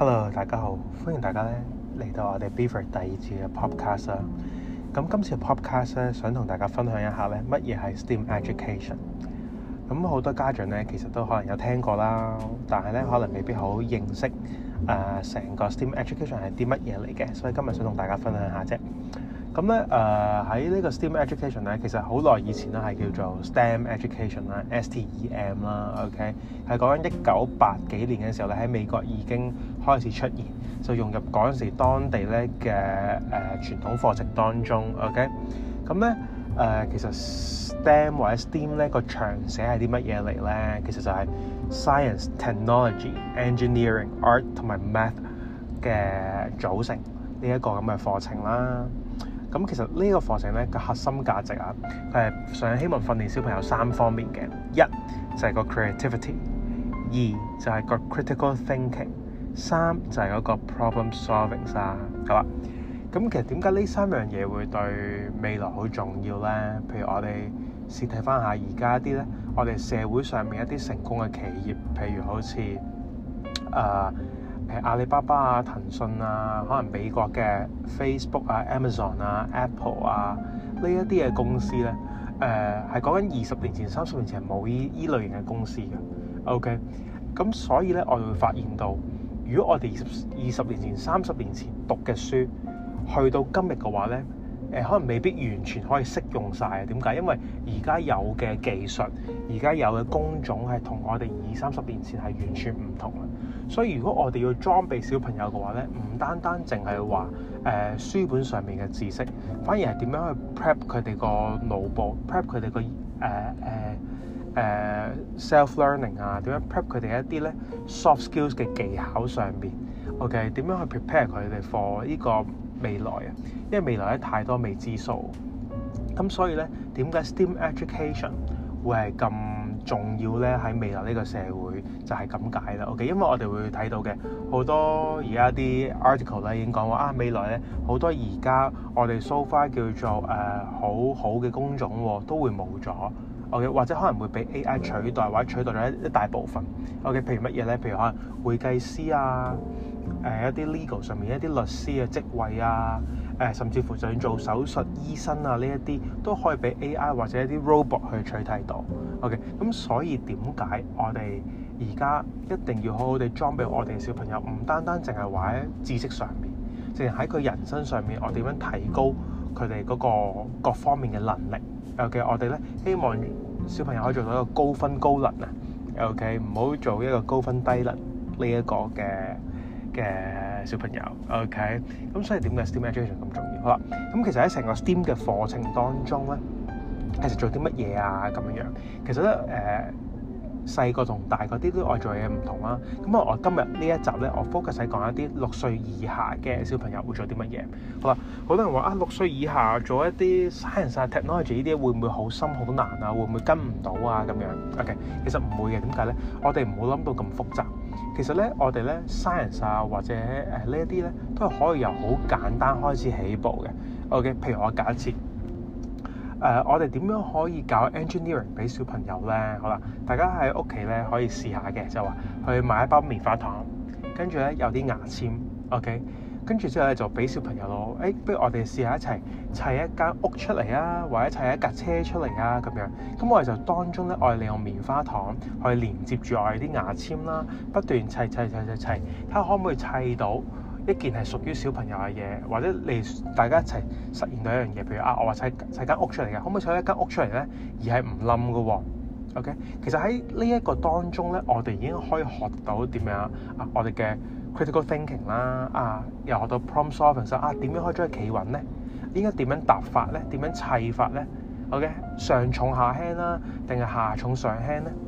Hello，大家好，歡迎大家咧嚟到我哋 Beaver 第二節嘅 Podcast 啊。咁今次嘅 Podcast 咧，想同大家分享一下咧，乜嘢係 STEAM Education。咁好多家長咧，其實都可能有聽過啦，但係咧，可能未必好認識誒成個 STEAM Education 係啲乜嘢嚟嘅，所以今日想同大家分享下啫。咁咧，誒喺呢、呃、個 STEM education 咧，其實好耐以前啦，係叫做 STEM education 啦，S-T-E-M 啦，OK，係講緊一九八幾年嘅時候咧，喺美國已經開始出現，就融入嗰陣時當地咧嘅誒傳統課程當中，OK、嗯。咁、呃、咧，誒其實 STEM 或者 STEAM 咧個長寫係啲乜嘢嚟咧？其實就係 science、technology、engineering、art 同埋 math 嘅組成呢一、這個咁嘅課程啦。咁其實呢個課程咧嘅核心價值啊，佢係想希望訓練小朋友三方面嘅，一就係個 creativity，二就係個 critical thinking，三就係嗰個 problem solving 啦。好啦，咁其實點解呢三樣嘢會對未來好重要咧？譬如我哋試睇翻下而家啲咧，我哋社會上面一啲成功嘅企業，譬如好似啊，呃誒阿里巴巴啊、騰訊啊，可能美國嘅 Facebook 啊、Amazon 啊、Apple 啊，呢一啲嘅公司咧，誒係講緊二十年前、三十年前冇依依類型嘅公司嘅。OK，咁所以咧，我哋會發現到，如果我哋二十二十年前、三十年前讀嘅書，去到今日嘅話咧，誒、呃、可能未必完全可以適用晒。點解？因為而家有嘅技術，而家有嘅工種係同我哋二三十年前係完全唔同嘅。所以如果我哋要裝備小朋友嘅話咧，唔單單淨係話誒書本上面嘅知識，反而係點樣去 prep 佢哋個腦部，prep 佢哋個誒誒誒 self learning 啊，點樣 prep 佢哋一啲咧 soft skills 嘅技巧上面，OK，點樣去 prepare 佢哋 for 呢個未來啊？因為未來咧太多未知數，咁所以咧點解 STEAM education 會係咁重要咧喺未來呢個社會？就係咁解啦，OK？因為我哋會睇到嘅好多而家啲 article 咧已經講話啊，未來咧好多而家我哋 so far 叫做誒、呃、好好嘅工種都會冇咗，OK？或者可能會被 AI 取代，或者取代咗一一大部分，OK？譬如乜嘢咧？譬如可能會計師啊，誒、呃、一啲 legal 上面一啲律師嘅職位啊。誒，甚至乎想做手術醫生啊，呢一啲都可以俾 AI 或者一啲 robot 去取代到。OK，咁所以點解我哋而家一定要好好地裝備我哋小朋友？唔單單淨係話喺知識上面，淨係喺佢人生上面，我點樣提高佢哋嗰個各方面嘅能力？OK，我哋咧希望小朋友可以做到一個高分高能啊。OK，唔好做一個高分低能呢一個嘅嘅。小朋友，OK，咁所以點解 STEAM Education 咁重要？好啦，咁其實喺成個 STEAM 嘅課程當中咧，其實做啲乜嘢啊咁樣樣，其實咧誒。呃細個同大個啲都愛做嘢唔同啦，咁啊我今日呢一集咧，我 focus 喺講一啲六歲以下嘅小朋友會做啲乜嘢。好啦，好多人話啊，六歲以下做一啲 science、technology 呢啲，會唔會好深好難啊？會唔會跟唔到啊？咁樣，OK，其實唔會嘅，點解咧？我哋唔好諗到咁複雜。其實咧，我哋咧 science 或者誒呢一啲咧，都係可以由好簡單開始起步嘅。OK，譬如我假設。誒，uh, 我哋點樣可以搞 engineering 俾小朋友呢？好啦，大家喺屋企呢可以試下嘅，就話去買一包棉花糖，跟住呢有啲牙籤，OK，跟住之後呢就俾小朋友咯。誒、欸，不如我哋試下一齊砌一間屋出嚟啊，或者砌一架車出嚟啊，咁樣。咁我哋就當中呢我哋利用棉花糖去連接住我哋啲牙籤啦，不斷砌砌砌砌砌，睇下可唔可以砌到？呢件係屬於小朋友嘅嘢，或者你大家一齊實現到一樣嘢，譬如啊，我話砌砌間屋出嚟嘅，可唔可以砌一間屋出嚟咧？而係唔冧嘅喎，OK。其實喺呢一個當中咧，我哋已經可以學到點樣啊，我哋嘅 critical thinking 啦，啊，又學到 problem solving，就啊點樣、啊、可以將佢企穩咧？應該點樣搭法咧？點樣砌法咧？OK、啊、上重下輕啦、啊，定係下重上輕咧、啊？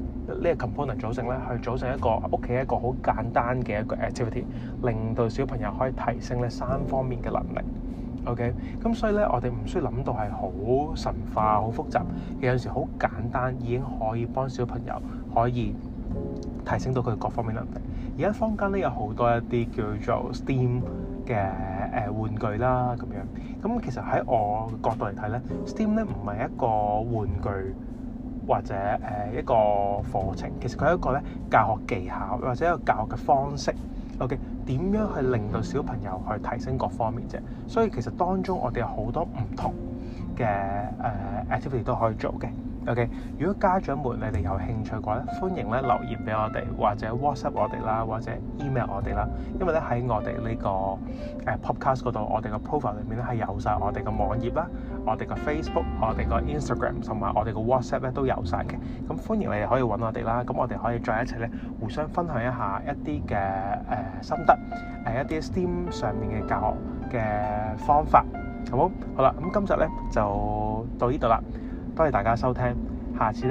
呢個 component 組成咧，去組成一個屋企一個好簡單嘅一個 activity，令到小朋友可以提升咧三方面嘅能力。OK，咁所以咧，我哋唔需要諗到係好神化、好複雜，有陣時好簡單已經可以幫小朋友可以提升到佢各方面能力。而家坊間咧有好多一啲叫做 STEAM 嘅誒玩具啦，咁樣。咁其實喺我角度嚟睇咧，STEAM 咧唔係一個玩具。或者誒一個課程，其實佢係一個咧教學技巧或者一個教學嘅方式。OK，點樣去令到小朋友去提升各方面啫？所以其實當中我哋有好多唔同嘅誒、呃、activity 都可以做嘅。OK，如果家長們你哋有興趣嘅話咧，歡迎咧留言俾我哋，或者 WhatsApp 我哋啦，或者 email 我哋啦。因為咧喺我哋呢個誒 Podcast 嗰度，我哋嘅 profile 裏面咧係有晒我哋嘅網頁啦，我哋嘅 Facebook、我哋嘅 Instagram 同埋我哋嘅 WhatsApp 咧都有晒嘅。咁歡迎你哋可以揾我哋啦，咁我哋可以再一齊咧互相分享一下一啲嘅誒心得，誒一啲 Steam 上面嘅教學嘅方法，好唔好？好啦，咁今日咧就到呢度啦。多謝大家收聽，下次。